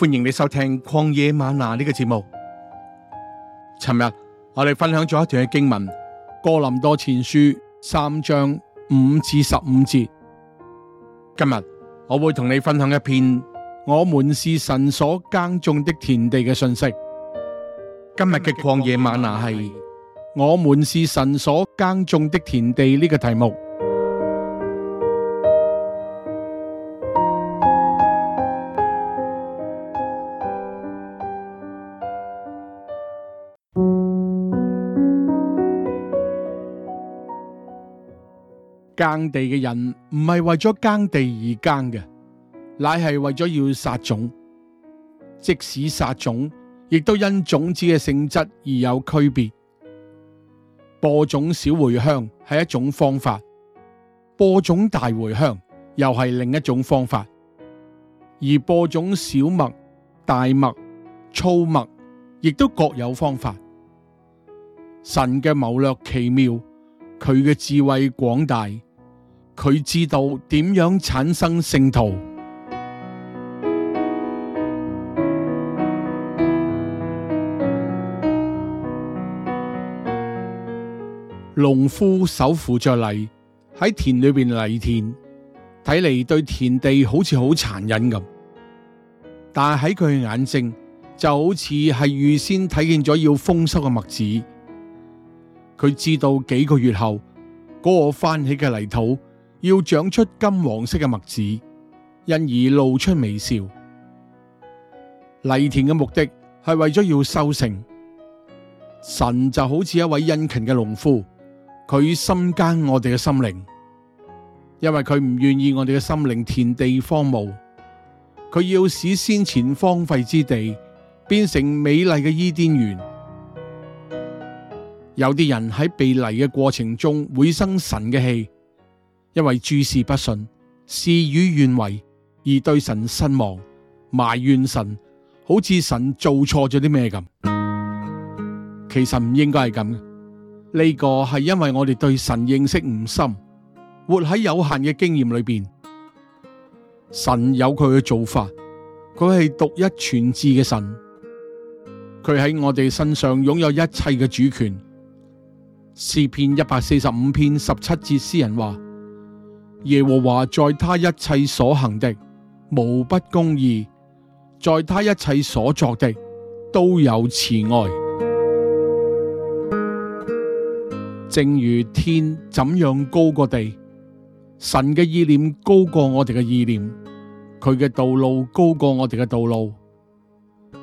歡迎你收聽曠野嗎哪呢個節目。尋日我哋分享咗一段嘅經文，哥林多前書三章五至十五節。今日我會同你分享一篇《我們是神所耕種的田地》嘅信息。今日嘅曠野嗎哪係《我們是神所耕種的田地》呢個題目。耕地嘅人唔係為咗耕地而耕嘅，乃係為咗要撒種。即使撒種，亦都因種子嘅性質而有區別。播種小茴香係一種方法，播種大茴香又係另一種方法。而播種小麥、大麥、粗麥，亦都各有方法。神嘅謀略奇妙，佢嘅智慧廣大。佢知道點樣產生聖徒。農夫手扶着犁喺田裏邊犁田，睇嚟對田地好似好殘忍咁。但係喺佢嘅眼睛就好似係預先睇見咗要豐收嘅麥子。佢知道幾個月後嗰，那個翻起嘅泥土。要長出金黃色嘅麥子，因而露出微笑。犁田嘅目的係為咗要收成，神就好似一位殷勤嘅農夫，佢深耕我哋嘅心靈，因為佢唔願意我哋嘅心靈田地荒蕪，佢要使先前荒廢之地變成美麗嘅伊甸園。有啲人喺被犁嘅過程中會生神嘅氣。因為諸事不順，事與願違，而對神失望埋怨神，好似神做錯咗啲咩咁。其實唔應該係咁。呢個係因為我哋對神認識唔深，活喺有限嘅經驗裏邊。神有佢嘅做法，佢係獨一全智嘅神，佢喺我哋身上擁有一切嘅主權。詩篇一百四十五篇十七節，詩人話。耶和華在他一切所行的無不公義，在他一切所作的都有慈愛。正如天怎樣高過地，神嘅意念高過我哋嘅意念，佢嘅道路高過我哋嘅道路。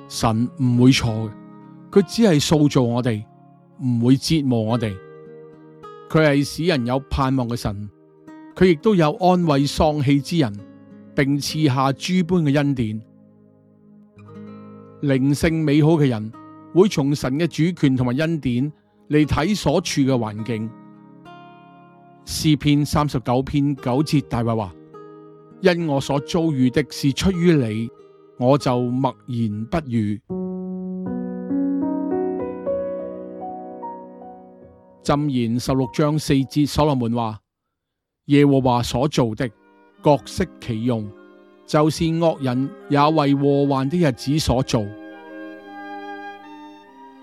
神唔會錯嘅，佢只係塑造我哋，唔會折磨我哋。佢係使人有盼望嘅神。佢亦都有安慰喪氣之人，並賜下諸般嘅恩典。靈性美好嘅人會從神嘅主權同埋恩典嚟睇，所處嘅環境。詩篇三十九篇九節大衛話：因我所遭遇的是出於你，我就默然不語。箴言十六章四節，所羅門話。耶和華所造的，各適其用，就是惡人也為禍患的日子所造。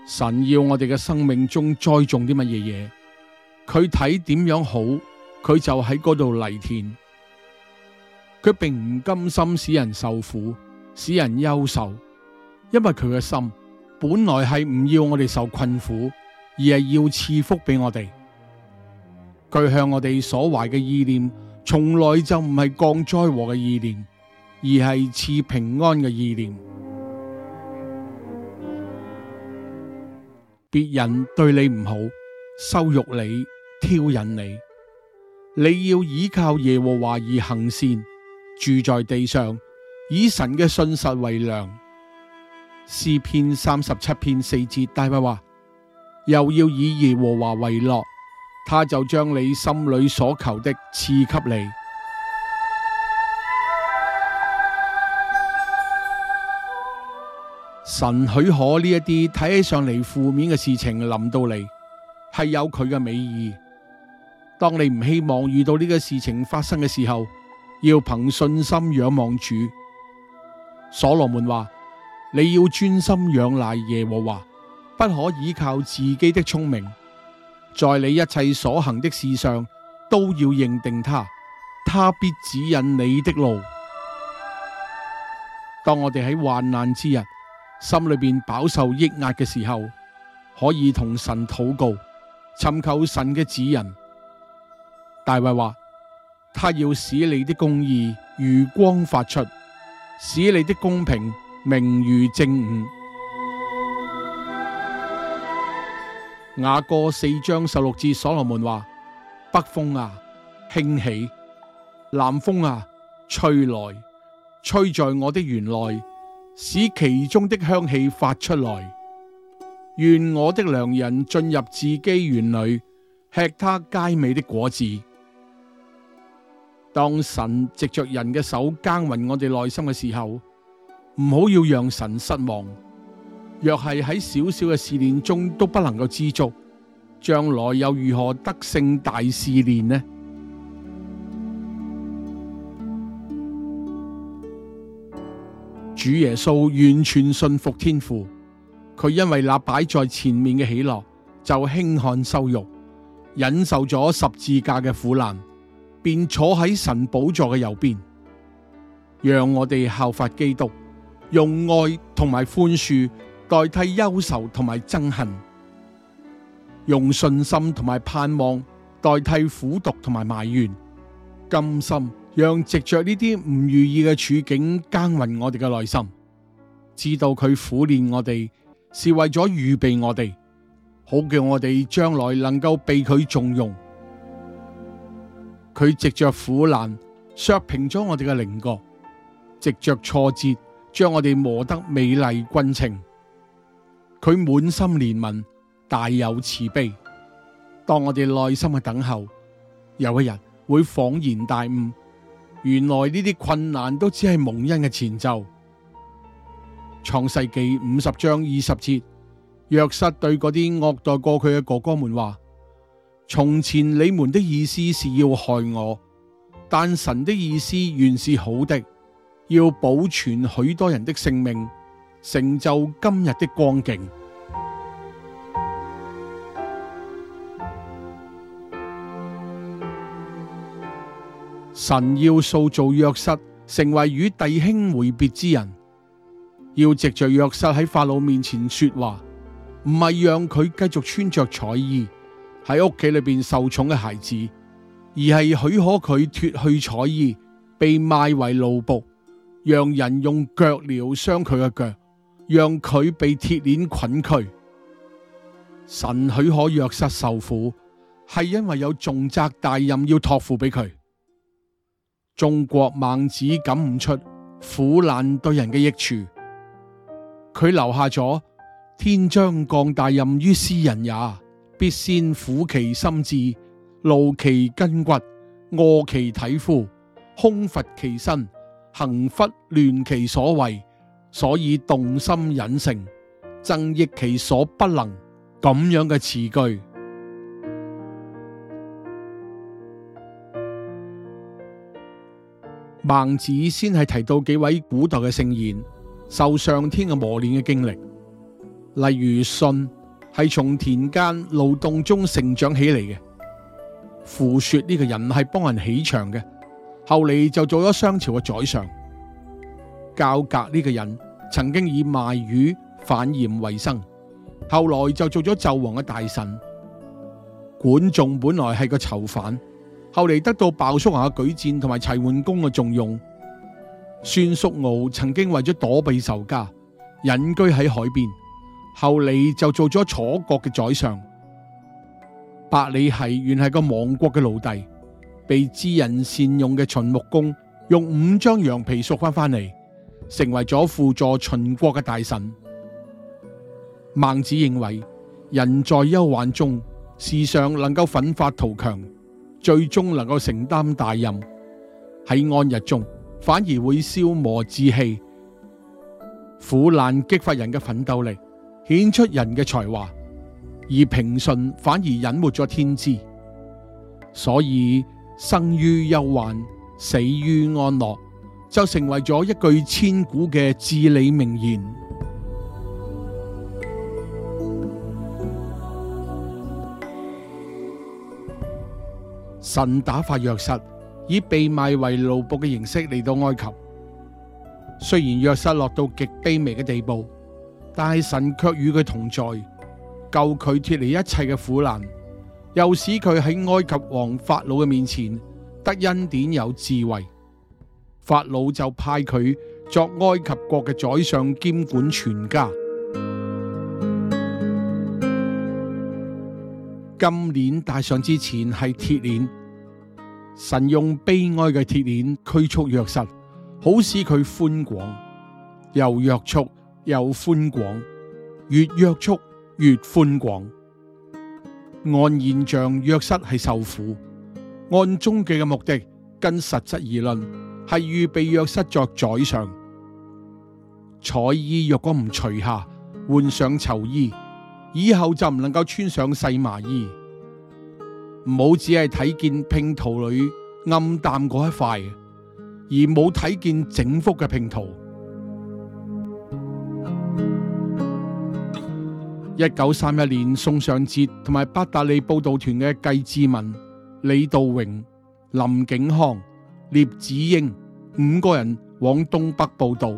神要我哋嘅生命中栽種啲乜嘢嘢，佢睇點樣好，佢就喺嗰度犁田。佢並唔甘心使人受苦，使人憂愁，因為佢嘅心本來係唔要我哋受困苦，而係要賜福俾我哋。佢向我哋所懷嘅意念，從來就唔係降災禍嘅意念，而係賜平安嘅意念。別人對你唔好，羞辱你，挑釁你，你要依靠耶和華而行善，住在地上，以神嘅信實為糧。詩篇三十七篇四節大衛話，又要以耶和華為樂。他就將你心裏所求的賜給你。神許可呢一啲睇起上嚟負面嘅事情臨到你，係有佢嘅美意。當你唔希望遇到呢個事情發生嘅時候，要憑信心仰望主。所羅門話：你要專心仰賴耶和華，不可倚靠自己的聰明。在你一切所行的事上都要認定他，他必指引你的路。當我哋喺患難之日，心裏邊飽受抑壓嘅時候，可以同神禱告，尋求神嘅指引。大衛話：他要使你的公義如光發出，使你的公平明如正午。雅歌四章十六節所羅門話：北風啊，興起；南風啊，吹來，吹在我的園內，使其中的香氣發出來。願我的良人進入自己園裏，吃他佳美的果子。當神藉着人嘅手耕耘我哋內心嘅時候，唔好要讓神失望。若係喺小小嘅試煉中都不能夠知足，將來又如何得勝大試煉呢？主耶穌完全信服天父，佢因為那擺在前面嘅喜樂，就輕看羞辱，忍受咗十字架嘅苦難，便坐喺神寶座嘅右邊。讓我哋效法基督，用愛同埋寬恕。代替憂愁同埋憎恨，用信心同埋盼望代替苦毒同埋埋怨，甘心讓藉着呢啲唔如意嘅處境耕耘我哋嘅內心，知道佢苦煉我哋，是為咗預備我哋，好叫我哋將來能夠被佢重用。佢藉着苦難削平咗我哋嘅棱角，藉着挫折將我哋磨得美麗勻稱。佢滿心憐憫，大有慈悲。當我哋耐心嘅等候，有一日會恍然大悟，原來呢啲困難都只係蒙恩嘅前奏。創世記五十章二十節，約瑟對嗰啲惡待過佢嘅哥哥們話：從前你們的意思是要害我，但神的意思原是好的，要保存許多人的性命。成就今日的光景。神要塑造約瑟，成為與弟兄會別之人。要藉着約瑟喺法老面前說話，唔係讓佢繼續穿着彩衣喺屋企裏邊受寵嘅孩子，而係許可佢脫去彩衣，被賣為奴僕，讓人用腳鐐傷佢嘅腳。讓佢被鐵鏈綑住，神許可約瑟受苦，係因為有重責大任要託付俾佢。中國孟子感悟出苦難對人嘅益處，佢留下咗天將降大任於斯人也，必先苦其心志，勞其筋骨，餓其體膚，空乏其身，行拂亂其所為。所以動心忍性，曾益其所不能。咁樣嘅詞句，孟子先係提到幾位古代嘅聖賢受上天嘅磨練嘅經歷，例如舜係從田間勞動中成長起嚟嘅，傅說呢個人係幫人起牆嘅，後嚟就做咗商朝嘅宰相，膠鬲呢個人。曾經以賣魚販鹽為生，後來就做咗紂王嘅大臣。管仲本來係個囚犯，後嚟得到鮑叔牙嘅舉薦同埋齊桓公嘅重用。孫叔敖曾經為咗躲避仇家，隱居喺海邊，後嚟就做咗楚國嘅宰相。百里奚原係個亡國嘅奴隸，被知人善用嘅秦穆公用五張羊皮贖翻翻嚟。成為咗輔助秦國嘅大臣。孟子認為，人在憂患中，時常能夠奮發圖強，最終能夠承擔大任；喺安逸中，反而會消磨志氣。苦難激發人嘅奮鬥力，顯出人嘅才華；而平順反而隱沒咗天資。所以，生於憂患，死於安樂。就成為咗一句千古嘅至理名言。神打發約瑟，以被賣為奴僕嘅形式嚟到埃及，雖然約瑟落到極卑微嘅地步，但係神卻與佢同在，救佢脫離一切嘅苦難，又使佢喺埃及王法老嘅面前得恩典、有智慧。法老就派佢作埃及國嘅宰相，兼管全家。金鏈戴上之前係鐵鏈，神用悲哀嘅鐵鏈驅促約瑟，好使佢寬廣又約束又寬廣，越約束越寬廣。按現象，約瑟係受苦；按終極嘅目的跟實質而論。係預備約瑟作宰相。彩衣若果唔除下，換上囚衣，以後就唔能夠穿上細麻衣。唔好只係睇見拼圖裏暗淡嗰一塊，而冇睇見整幅嘅拼圖。一九三一年，宋尚節同埋伯特利佈道團嘅計志文、李道榮、林景康、聶子英五個人往東北布道，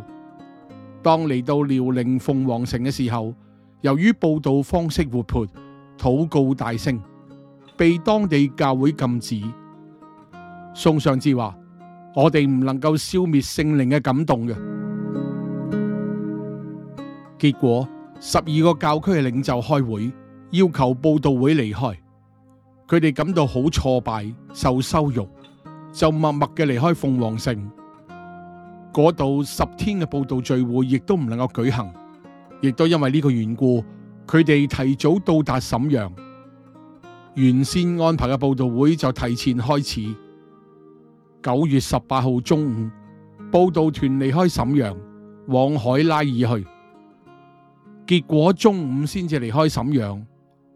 當嚟到遼寧鳳凰城嘅時候，由於布道方式活潑、禱告大聲，被當地教會禁止。宋尚節話：我哋唔能夠消滅聖靈嘅感動嘅。結果，十二個教區嘅領袖開會，要求布道會離開，佢哋感到好挫敗，受羞辱。就默默嘅離開鳳凰城，嗰度十天嘅布道聚會亦都唔能夠舉行，亦都因為呢個緣故，佢哋提早到達沈陽，原先安排嘅布道會就提前開始。九月十八號中午，布道團離開沈陽往海拉爾去，結果中午先至離開沈陽，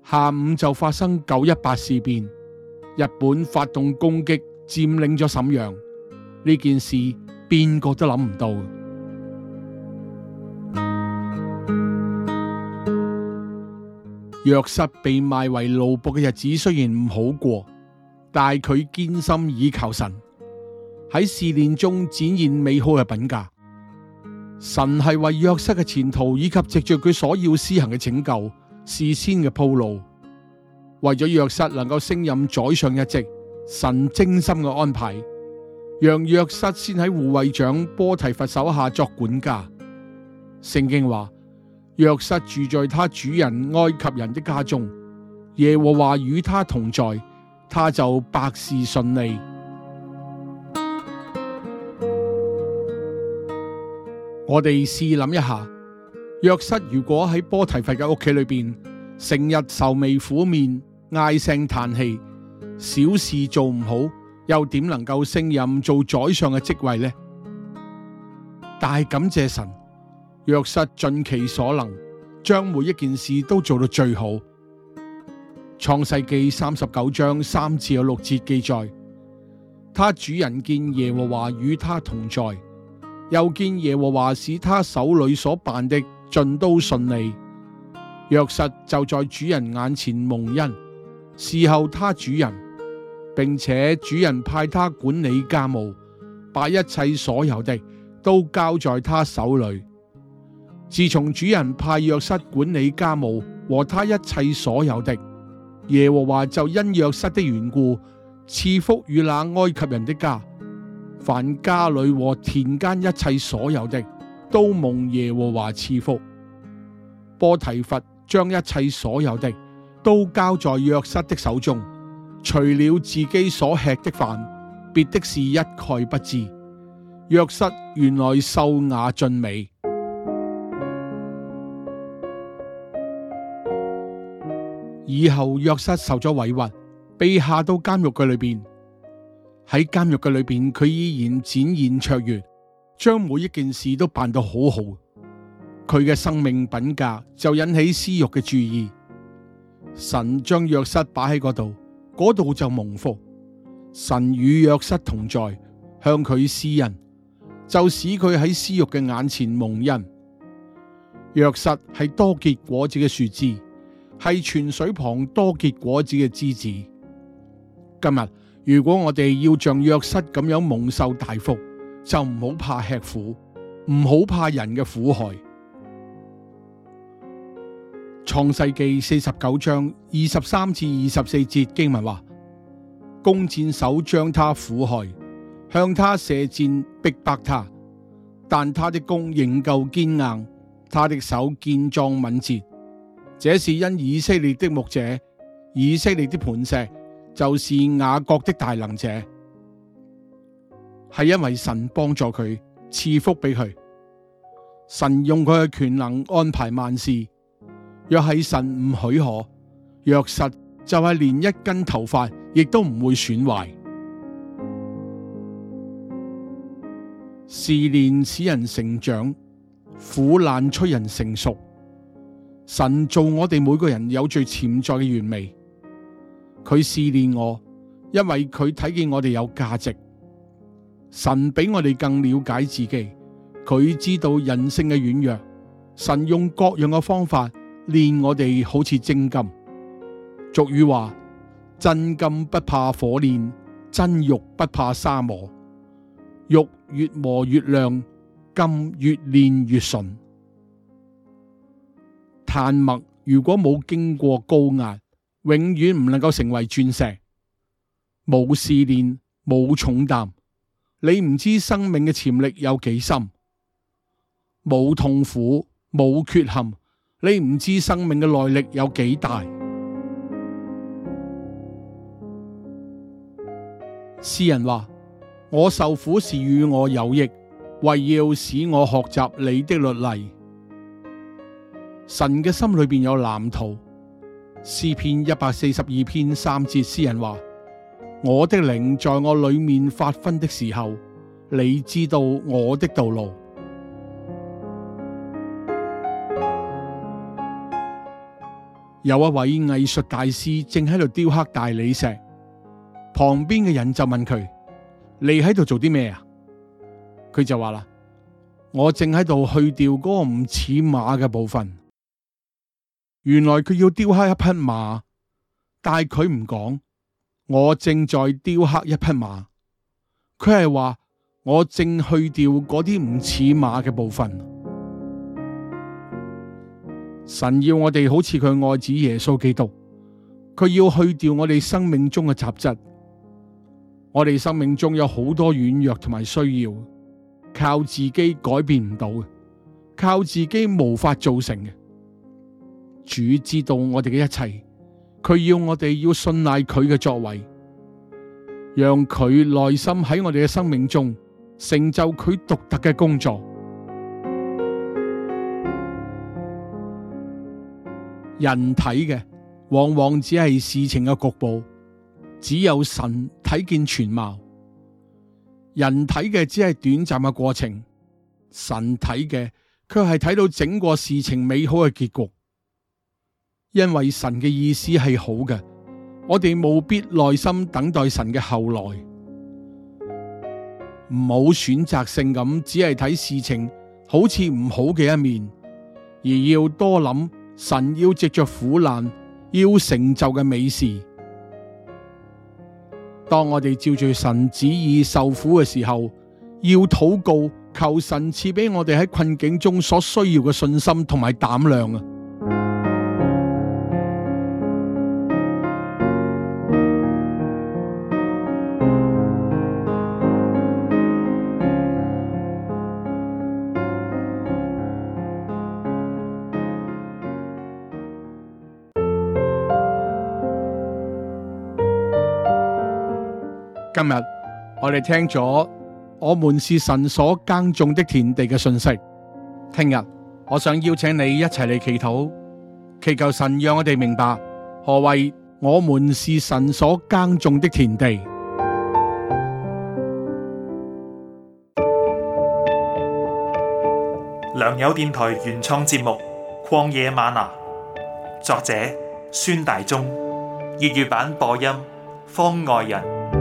下午就發生九一八事變，日本發動攻擊。佔領咗沈陽呢件事，邊個都諗唔到。約瑟被賣為奴僕嘅日子雖然唔好過，但係佢堅心倚靠神喺試煉中展現美好嘅品格。神係為約瑟嘅前途以及藉着佢所要施行嘅拯救，事先嘅鋪路，為咗約瑟能夠升任宰相一職。神精心嘅安排，讓約瑟先喺護衛長波提佛手下作管家。聖經話：約瑟住在他主人埃及人的家中，耶和華與他同在，他就百事順利。我哋試諗一下，約瑟如果喺波提佛嘅屋企裏邊，成日愁眉苦面、唉聲嘆氣。小事做唔好，又點能夠勝任做宰相嘅職位呢？但係感謝神，約瑟盡其所能，將每一件事都做到最好。創世記三十九章三至六節記載，他主人見耶和華與他同在，又見耶和華使他手裏所辦的盡都順利，約瑟就在主人眼前蒙恩。事後他主人。並且主人派他管理家務，把一切所有的都交在他手裏。自從主人派約瑟管理家務和他一切所有的，耶和華就因約瑟的緣故賜福與那埃及人的家，凡家裏和田間一切所有的都蒙耶和華賜福。波提乏將一切所有的都交在約瑟的手中。除了自己所吃的飯，別的事一概不知。約瑟原來秀雅俊美，以後約瑟受咗委屈，被下到監獄嘅裏邊。喺監獄嘅裏邊，佢依然展現卓越，將每一件事都辦得好好。佢嘅生命品格就引起司獄嘅注意，神將約瑟擺喺嗰度。嗰度就蒙福，神與約瑟同在，向佢施恩，就使佢喺司獄嘅眼前蒙恩。約瑟係多結果子嘅樹枝，係泉水旁多結果子嘅枝子。今日如果我哋要像約瑟咁樣蒙受大福，就唔好怕吃苦，唔好怕人嘅苦害。創世紀四十九章二十三至二十四節經文話：弓箭手將他苦害，向他射箭逼迫他，但他的弓仍舊堅硬，他的手健壯敏捷。這是因以色列的牧者，以色列的磐石，就是雅各的大能者，係因為神幫助佢賜福俾佢，神用佢嘅權能安排萬事。若係神唔許可，若實就係連一根頭髮亦都唔會損壞。試煉使人成長，苦難催人成熟。神造我哋每個人有最潛在嘅原味，佢試煉我，因為佢睇見我哋有價值。神比我哋更了解自己，佢知道人性嘅軟弱。神用各樣嘅方法，練我哋好似精金，俗語話：真金不怕火煉，真玉不怕砂磨，玉越磨越亮，金越練越純。炭墨如果冇經過高壓，永遠唔能夠成為鑽石。冇試煉，冇重擔，你唔知生命嘅潛力有幾深。冇痛苦，冇缺陷。你唔知生命嘅耐力有幾大？詩人話：我受苦是與我有益，為要使我學習你的律例。神嘅心裏邊有藍圖。詩篇一百四十二篇三節，詩人話：我的靈在我裏面發昏的時候，你知道我的道路。有一位藝術大師正喺度雕刻大理石，旁邊嘅人就問佢：你喺度做啲咩啊？佢就話啦：我正喺度去掉嗰個唔似馬嘅部分。原來佢要雕刻一匹馬，但係佢唔講。我正在雕刻一匹馬，佢係話我正去掉嗰啲唔似馬嘅部分。神要我哋好似佢愛子耶穌基督，佢要去掉我哋生命中嘅雜質。我哋生命中有好多軟弱同埋需要，靠自己改變唔到嘅，靠自己無法做成嘅。主知道我哋嘅一切，佢要我哋要信賴佢嘅作為，讓佢內心喺我哋嘅生命中成就佢獨特嘅工作。人睇嘅往往只係事情嘅局部，只有神睇見全貌。人睇嘅只係短暫嘅過程，神睇嘅卻係睇到整個事情美好嘅結局。因為神嘅意思係好嘅，我哋務必耐心等待神嘅後來。唔好選擇性咁，只係睇事情好似唔好嘅一面，而要多諗。神要藉着苦難要成就嘅美事。當我哋照住神旨意受苦嘅時候，要禱告求神賜俾我哋喺困境中所需要嘅信心同埋膽量啊！我哋聽咗，我們是神所耕種的田地嘅信息。聽日，我想邀請你一齊嚟祈禱，祈求神讓我哋明白何謂我們是神所耕種的田地。良友電台原創節目《曠野嗎哪》，作者孫大中，粵語版播音方外人。